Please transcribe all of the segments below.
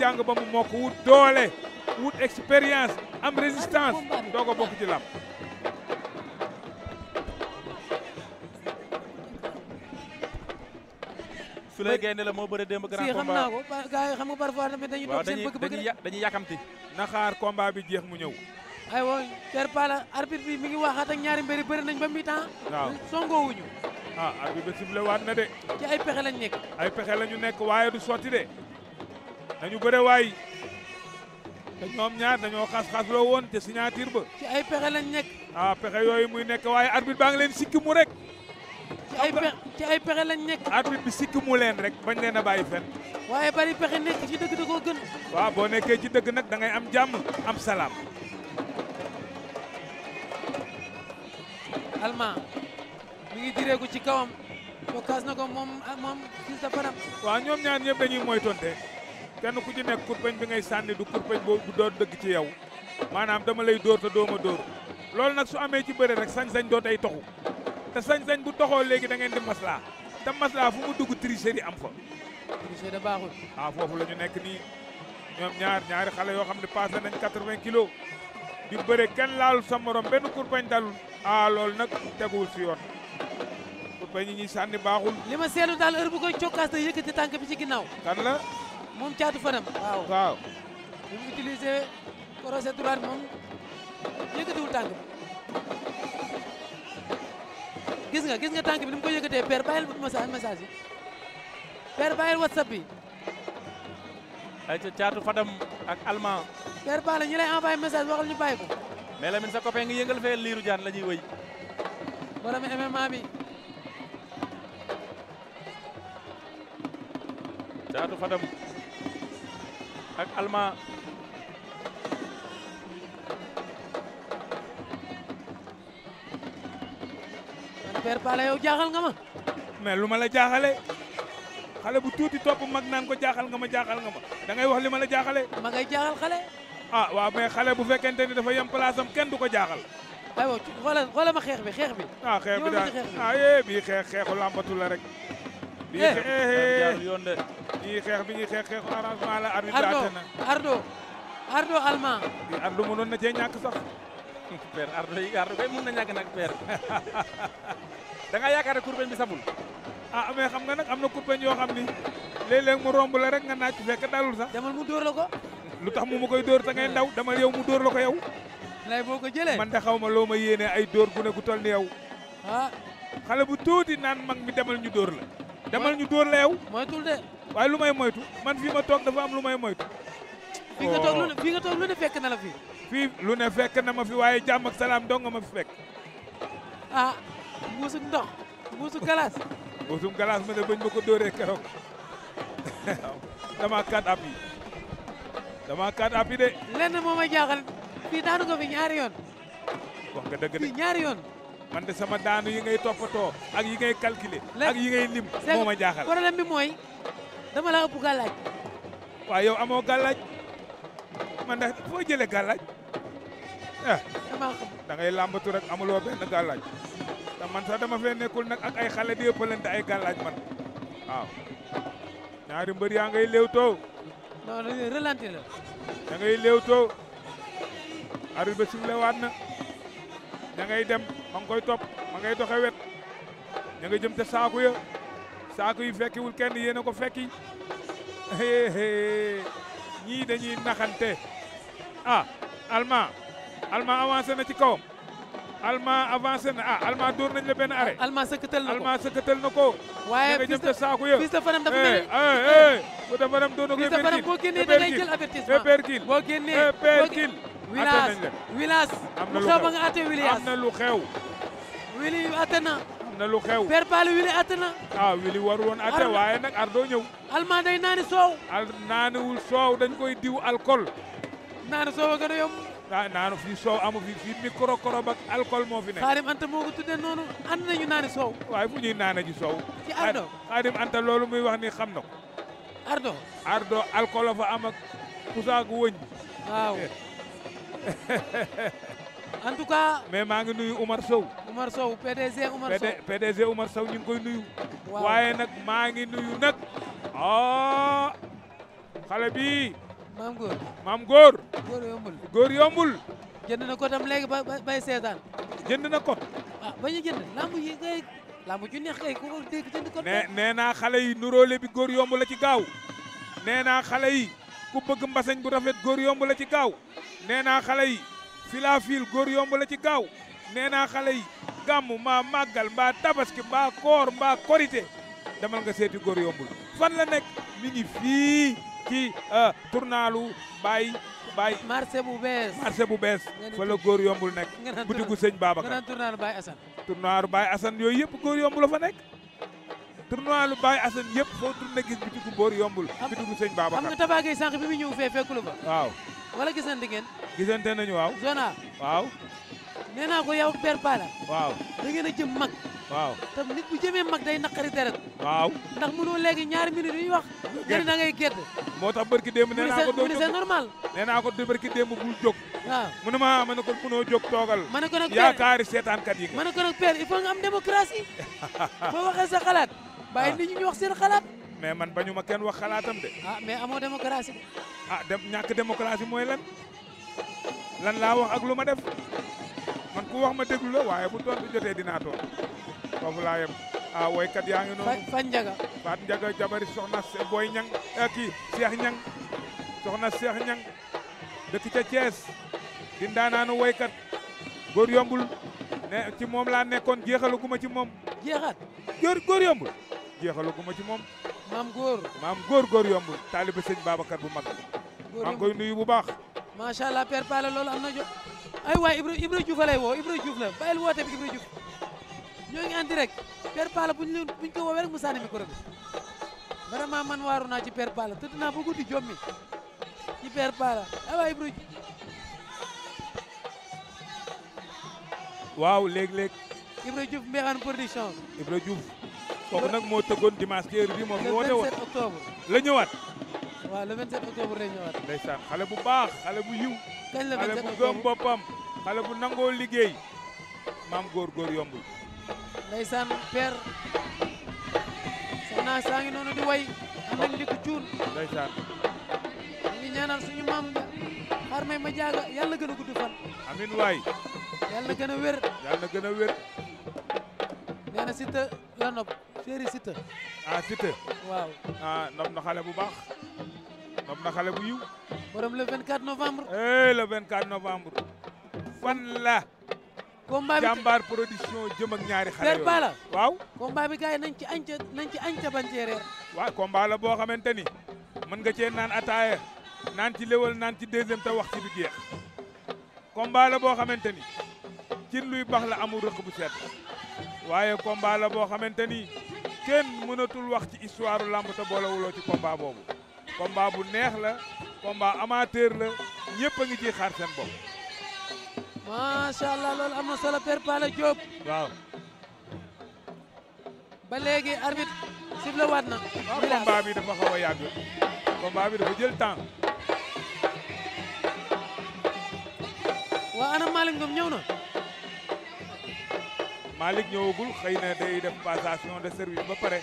jàng ba mu mokk wut doole wut expérience am résistance doo ko bokk ci làmb su lay gaynde la moo bëre démb grand combat si xam naa ko gars yi xam nga parfois tamit dañuy toog seen bëgg-bëgg dañuy bi jeex mu ñëw aywa Père Pala arbitre bi mi ngi wax ak ñaari mbëri bëri nañ ba mi-temps a songoowuñu ah arbitre wa sifflé de ci ay pexe lañ nekk ay pexe lañu nekk waaye du sotti de nañu bëre waay te ñoom ñaar dañoo xas-xas loo woon te signature ba. ci ay pexe lañ nekk. ah pexe yooyu muy nekk waaye arbitre baa ngi leen sikki mu rek. ci ay pexe ci ay pexe lañ nekk. arbitre bi sikki mu leen rek bañ leen a bàyyi fen waaye i pexe nekk ci dëgg da koo gën. waaw boo nekkee ci dëgg nag da am jàmm am salaam. alma mi ngi direeku ci kawam. bokkaas na ko moom moom gis na fanam. waaw ñoom ñaar ñëpp dañuy moytonte. kenn ku ci nekk kurpeñ bi ngay sànni du kurpeñ boo doon dëgg ci yow maanaam dama lay dóor te dooma dóor loolu nag su amee ci bëre rek sañ-sañ doo tey toxu te sañ-sañ bu toxoo léegi da ngeen di maslaa te maslaa fu mu dugg tricherie am fa. tricherie da baaxul. ah foofu la ñu nekk nii ñoom ñaar ñaari xale yoo xam ne passé nañ 80 kilos di bëre kenn laalul sa morom benn kurpeñ dalul ah loolu nag teguwul si yoon kurpeñ yi ñuy sànni baaxul. li ma seetlu daal heure bu koy cokkaas te bi ci ginnaaw. kan la. moom caatu fanam. waaw waaw. bi mu utilisé crochet moom yëkkatiwul tànk bi. gis nga gis nga tànk bi ni mu ko yëkkatee père bàyyil message message yi père bàyyil whatsapp ay ca caatu fadam ak allemand. père Ba la ñu lay envoyé waxal ñu bàyyi ko. mais Lamine sa copain nga yëngal liiru jaan la ñuy wëy. borom MMA bi. caatu fadam. ak allemand père Balla yow jaaxal nga ma mais lu ma la jaaxale xale bu tuuti topp mag naan ko jaaxal nga ma jaaxal nga ma da wax li ma la jaaxale ma ngay jaaxal xale a ah, waaw mais xale bu fekkente ni dafa yem place am kenn du ko jaaxal aywa xoola ma xeex bi xeex bi ah xeex bi daal ah eh, bii xeex xeexu làmbatu rek bii eh. Eh, yoon de ñii xeex bi ñuy xeex xeexu arrangement la. arbitre ardo ardo ardo allemand. ardo mënoon na jee ñàkk sax. père ardo yi ardo kay mën na ñàkk nag père. da nga yaakaar ne kurbeñ bi sabul. a ah, mais xam nga nag am na kurbeñ yoo xam ni léeg-léeg mu romb la rek nga naaj fekk dalul sax. demal mu dóor la ko. lu tax mu ma koy dóor te ngay ndaw dama yow mu dóor la ko yow. lay boo ko jëlee man de xaw ma loo ma yéene ay dóor gu ne gu toll ni yow. ah. xale bu tuuti naan mag mi demal ñu ñu dóor la waaye lu may moytu man fii ma toog dafa am lu may moytu. fii nga toog oh. nga toog lu ne fekk na fi. fii lu ne fekk na ma fi waaye jàmm ak salaam dong ma fi fekk. ah mbuusu ndox mbuusu galaas. mbuusum galaas ma ne bañ ma ko dóoree keroog dama kat ab yi dama kat ab de. lenn moo ma jaaxal fii daanu ko fi ñaari yoon. wax nga ñaari yoon. man de sama daanu yi ngay toppatoo ak yi ngay calculer. ak yi ngay lim moo ma jaaxal problème bi mooy. dama la ëpp gàllaaj waaw yow amoo gàllaaj man ndax foo jëlee gàllaaj ah eh, da ngay làmbatu rek amuloo benn gàllaaj te man sax dama fee nekkul nag ak ay xale di yëppalante ay gàllaaj man waaw ñaari mbër yaa ngay léewtoo non non ralenti la da ngay léewtoo arbitre ba sifflé dem ma ngi koy topp ngay doxe wet ña jëm te saaku ya saako yi fekkiwul kenn yéen a ko fekki ñii dañuy naxante ah Allemand Allemand avancé na ci kawam Allemand avancé na ah Allemand dóor nañ la benn arrêt. Allemand sëkkatal na ko Allemand sëkkatal na ko. waaye fils de saako yëpp fils de Fadam dafa eh, mel ni. Eh, eh, fils de Fadam doon na ko Perkin fils de Fadam boo génnee da ngay jël avertissement Perkin boo génnee Perkin. Wilaas Wilaas. am na lu xew lu xew ba nga àtte Wilaas am na lu xew. Wili àtte na. na lu xew. père Pali Wili atte na. ah Wili war woon atte waaye nag Ardo ñëw. almaa day naani soow. al naaniwul soow dañ koy diw alcool. naani soow a gën a yomb. ah naanu fii soow amu fi fii micro korob ak moo fi nekk. Xaadim Anta moo ko tuddee noonu ànd nañu naani soow. waaye fu ñuy naana ji soow. ci Ardo Xaadim Anta loolu muy wax ni xam na ko. Ardo. Ardo alcool la fa am ak pousa wëñ. en tout cas mais maa ngi nuyu Umar Sow. Umar Sow PDG Umar Sow PDG Umar Sow ñu ngi koy nuyu. waaye nag maa ngi nuyu nag. oh xale bi maam góor maam góor. góor yombul góor yombul. jënd na ko tam léegi ba bay seetaan. jënd na ko. ah ba ñu jënd lamb yi ngay lamb ju neex kay ku ko dégg jënd ko. nee nee naa xale yi nuróole bi góor yomb la ci gaaw. nee naa xale yi ku bëgg mbaseñ bu rafet góor yomb la ci gaaw. nee naa xale yi. filaafil góor yomb la ci gaaw nee naa xale yi gàmm mbaa màggal mbaa tabaski mbaa koor mbaa korité demal nga seeti góor yombul fan la nekk mi ngi fii ci euh, tournalu Baye Baye. marché bu bees marché bu bees. fa la góor yombul nekk. butigu sëñ Babacar nga tournalu Baye Assane. tournalu Baye yooyu yëpp góor yombul la fa nekk. tournalu Baye Assane yëpp foo tourné gis bitigu góor yombul. bitigu sëñ Babacar xam nga tabaagay sànq bi mu ñëw fee fekku la fa waaw. wala gisante ngeen. gisante nañu waaw. Zona. waaw. nee naa ko yow Père Pala. waaw na ngeen a jëm mag. waaw tam nit bu jëmee mag day naqari deret. waaw ndax mënoo léegi ñaari minutes yu ñu wax. gerte da ngay gerte. moo tax barki démb nee naa ko doo jóg c'est normal. nee naa ko barki démb bul jóg. waaw mu ne ma ma ne ko mënoo jóg toogal. ma ne ko nag Père yaakaari seetaankat yi. ma ne ko nag Père il faut nga am démocratie. boo waxee sa xalaat. waaw bàyyi nit wax seen xalaat. mais man bañu ma kenn wax xalaatam de. a ah, mais amoo démocratie. a ah, dem ñàkk démocratie mooy lan lan laa wax ak lu ma def man ku wax ma déglu la waaye bu tontu jotee dinaa tontu foofu laa yem ah woykat yaa ngi noonu. Fat Njaga Fat Njaga jabari soxna Boy Ñang eh, kii Cheikh Ñang soxna Cheikh Ñang dëkk ca Thiès di ndaanaanu woykat góor yombul ne ci moom laa nekkoon jeexalu ma ci moom. jeexaat góor góor yombul jeexalu ma ci moom. maam góor maam góor góor yombul taaliba sëñ bu mag maa ngi koy nuyu bu baax macha allah père Pala loolu am na jo ay waay Ibra Ibra Diouf woo Ibra Diouf la bàyyil woote bi Ibra Diouf ñoo ngi en direct père buñ leen buñ ko woowee rek mu sànni micro bi vraiment man waaru naa ci père Pala tëdd naa ba guddi jommi ci père Pala ay waay Ibra waaw léeg-léeg Ibra Diouf Mbexane production Ibra Diouf kooku nag moo tëggoon dimaas ci heure bi moom ñu woote woon le 27 octobre la ñëwaat waaw le 27 octobre lay ñëwaat ndeysaan xale bu baax xale bu yiw xale bu gëm boppam xale bu nangoo liggéey maam góor góor yombul ndeysaan père soxna saa ngi noonu di way ànd ak cuun ndeysaan ñu ngi ñaanal suñu maam xaar may ma jaaga yàlla gën a gudd amin waay yàlla gën a wér yàlla gën a wér séeri Siteu ah Siteu waaw ah nopp na xale bu baax nopp na xale bu yiw borom le 24 novembre eh le 24 novembre fan la combat bi jàmbaar production jëm ak ñaari xale yooyu bala waaw combat bi gars nañ ci añca nañ ci añca bañ cee reer boo xamante ni mën nga cee naan ataaya naan ci léwal naan ci deuxième te wax ci bi jeex combat boo xamante ni cin luy bax la amul bu seet waaye combat la boo kenn mënatul wax ci histoire lamb te boolewuloo ci combat boobu combat bu neex la combat amateur la ñëpp a ngi ciy xaar loolu am na solo Père Pala Diop. waaw. ba léegi arbitre sifflé waat na. waaw ah, bi dafa xaw a yàgg. combat bi dafa jël temps. waa ana Malick Ngom ñëw na. Malick ñëwagul xëy na day def passation de service ba pare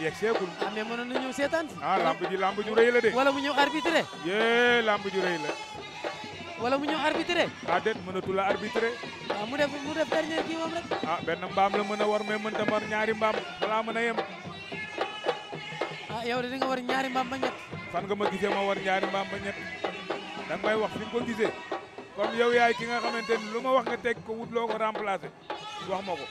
yegg seegul. a ah, mais mënoon na ñëw seetaan si. ah lamb ji lamb ju rëy la de. wala mu ñëw arbitré. yee lamb ju la. wala mu ñëw arbitré. ah déet mënatu la arbitré. ah mu def mu def rek. ah benn mbaam la mën a war mais mënta war ñaari mbaam balaa mën a yem. ah yow de di war ñaari mbaam ba ñett. fan ma gisee war ñaari mbaam ba ñett danga may wax fi nga ko gisee. kon yow yaay ki nga xamante ni lu ma wax nga ko wut loo wax ma ko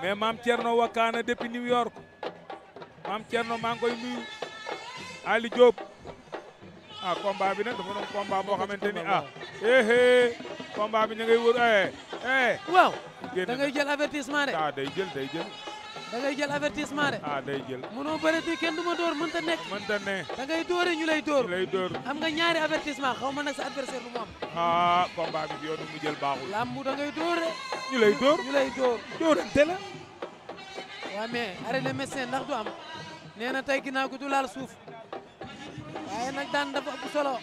mais maam Thierno Wakana depuis New York maam Thierno maa ngi koy nuyu Ali Diop ah bi nag dafa doon combat boo xamante ni ah éhé eh, eh. combat bi ña ngay wër eh eh waaw da ngay jël avertissement de ah day jël day jël da ngay jël avertissement de. ah day jël. mënoo bëre di kenn du ma door mënta nekk. mënta ne. da ngay doore ñu lay door. ñu lay door am nga ñaari avertissement xaw ma nag sa adversaire bu mu am. ah combat bi yoonu mu jël baaxul. làmb da ngay doore. ñu lay door ñu lay door. doorante la. waaw mais arrêté médecin ndax du am nee na tey ginnaaw gi du laal suuf waaye nag daan dafa ëpp solo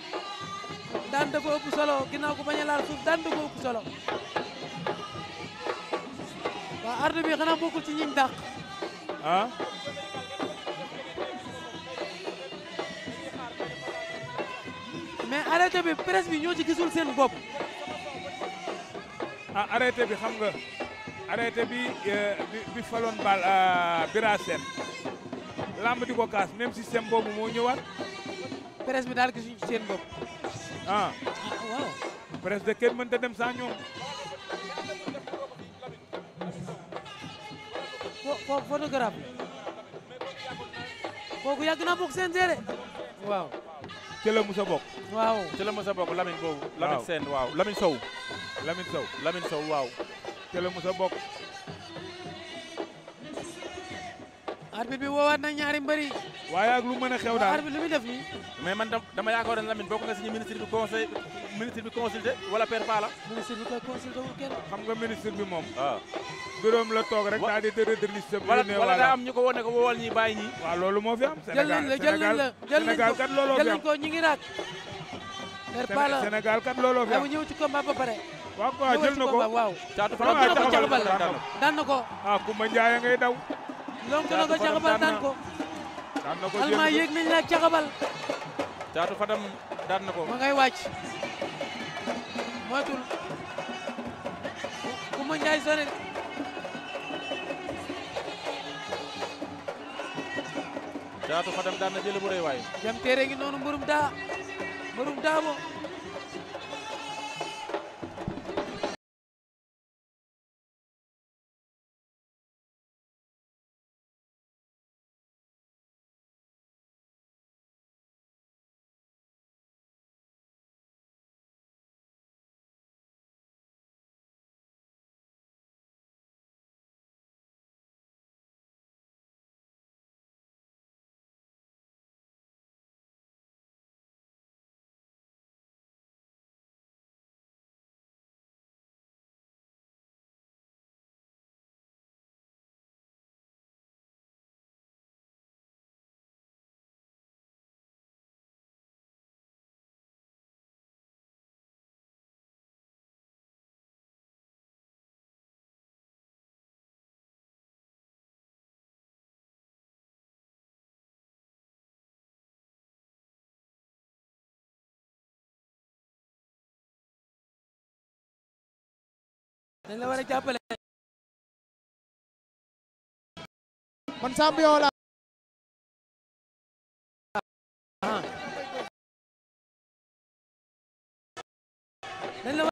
daan dafa ëpp solo ginnaaw gu bañ a laal suuf daan dafa ëpp solo waaw arde bi xanaa bokkul ci ñiñ dàq. ah mais arrêté bi presse bi ñoo ci gisul seen bopp ah arrêté bi xam nga arrêté euh, bi bi faloon bal euh, Bira Sène lamb ko kaas même système boobu moo ñëwaat presse bi daal gisuñu seen bopp ah, ah waaw mënta dem sans fo photographe kooku yàgg naa bokk seen seede waaw ca la musa bokk waaw ca la musa bokk Lamine boobu Lamine waaw Lamine Sow Lamine Sow Lamine Sow waaw ca la musa arbitre bi woowaat na ñaari mbëri waaye ak lu mën a xew daal arbitre lu muy def nii mais man dama yaakaaroon ne Lamine bokk nga si ñu ministre bi conseil ministre bi consulté wala père Pala ministre bi koy consulté ah. daa am ñu ko woon ko woowal ñi bàyyi ñi waaw loolu fi am jël nañ la jël nañ la jël nañ ko ñi ngi raak père Pala Sénégal kat looloo fi am ñëw ci combat ba pare waaw jël na ko waaw caatu fa la daan na ko ah Kumba Njaay lonk na ko caxabal ko. daan na ko almaa yéeg nañ la caxabal. caatu Fadam daan na ko. ma ngay wàcc. moytul. ma njaay sone. caatu Fadam daan na jël bu rëy waay. jam téere ngi noonu mburum daa mburum daa moom. dañ la war a jàppale man Samb yow la dañ la